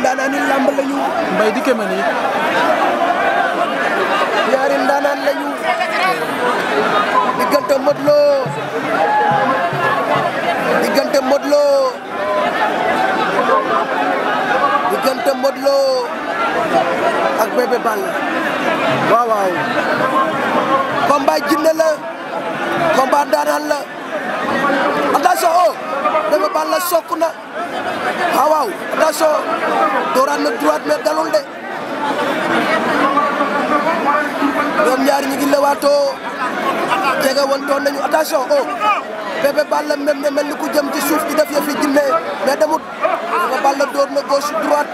ndaanaani làmb lañu. mbay dikkee ma nii. ñaari ndaanaan lañu. diggante Modou Lo diggante Modou Lo ak Bébé Balla waaw waaw jinne la combat ndaanaan la. Balla sokk na ah, waaw waaw dooraat na droite mais dalul de ñoom ñaar ñi ngi lewaatoo jege woon doon nañu attention oh Bébé Balla même ne mel ni ku jëm ci suuf di def yëf yi jinne mais demut Bébé Balla door na gauche droite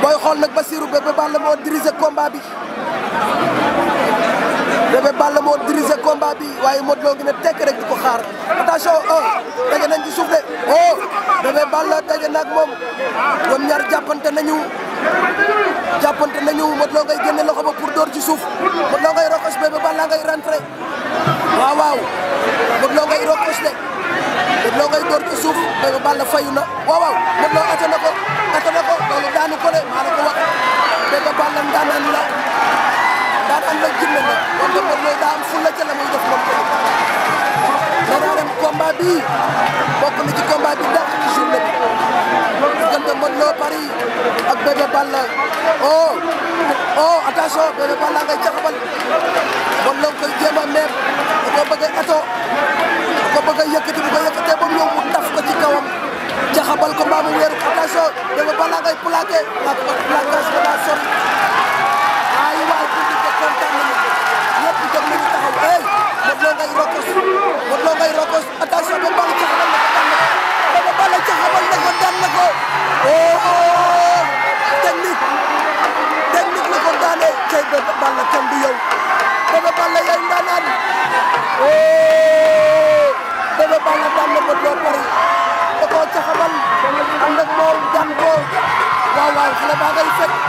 booy xool nag Basirou Bébé Balla moo dirigé combat bi. Bébé Balla moo dirigé combat bi waaye Modou Lo ngi ne tekk rek di ko xaar attention oh tege nañ ci suuf de oh Bébé Balla tege na ak moom ñoom ñaar jàppante nañu jàppante nañu Modou Lo ngay génne loxo ba pour door ci suuf Modou Lo ngay rokos Bébé Balla ngay rentré waaw waaw Modou Lo ngay rokos de Modou Lo ngay door ci suuf Bébé Balla fayu na waaw waaw. jinne la kon nag man fulla ca la muy def moom tamit. danaa dem bokk na ci combat bi dàq ci journée bi diggante Modou Lo Paris ak Bébé Balla oh oh attention Bébé Balla ngay caxabal Modou Lo koy jéem a meer da ko bëgg eto da ko bëgg a yëkkati bu ko yëkkatee ba mu mu taf ko ci kawam caxabal ko mbaa weeru attention Bébé Balla ngay plaqué ak oh oh technique la ko daane cay Bébé Balla kenn du Balla yaay ndaanaan oh Bébé Balla daan na ko doo pare da koo caxabal ànd ak daan ko waaw waaw xale baa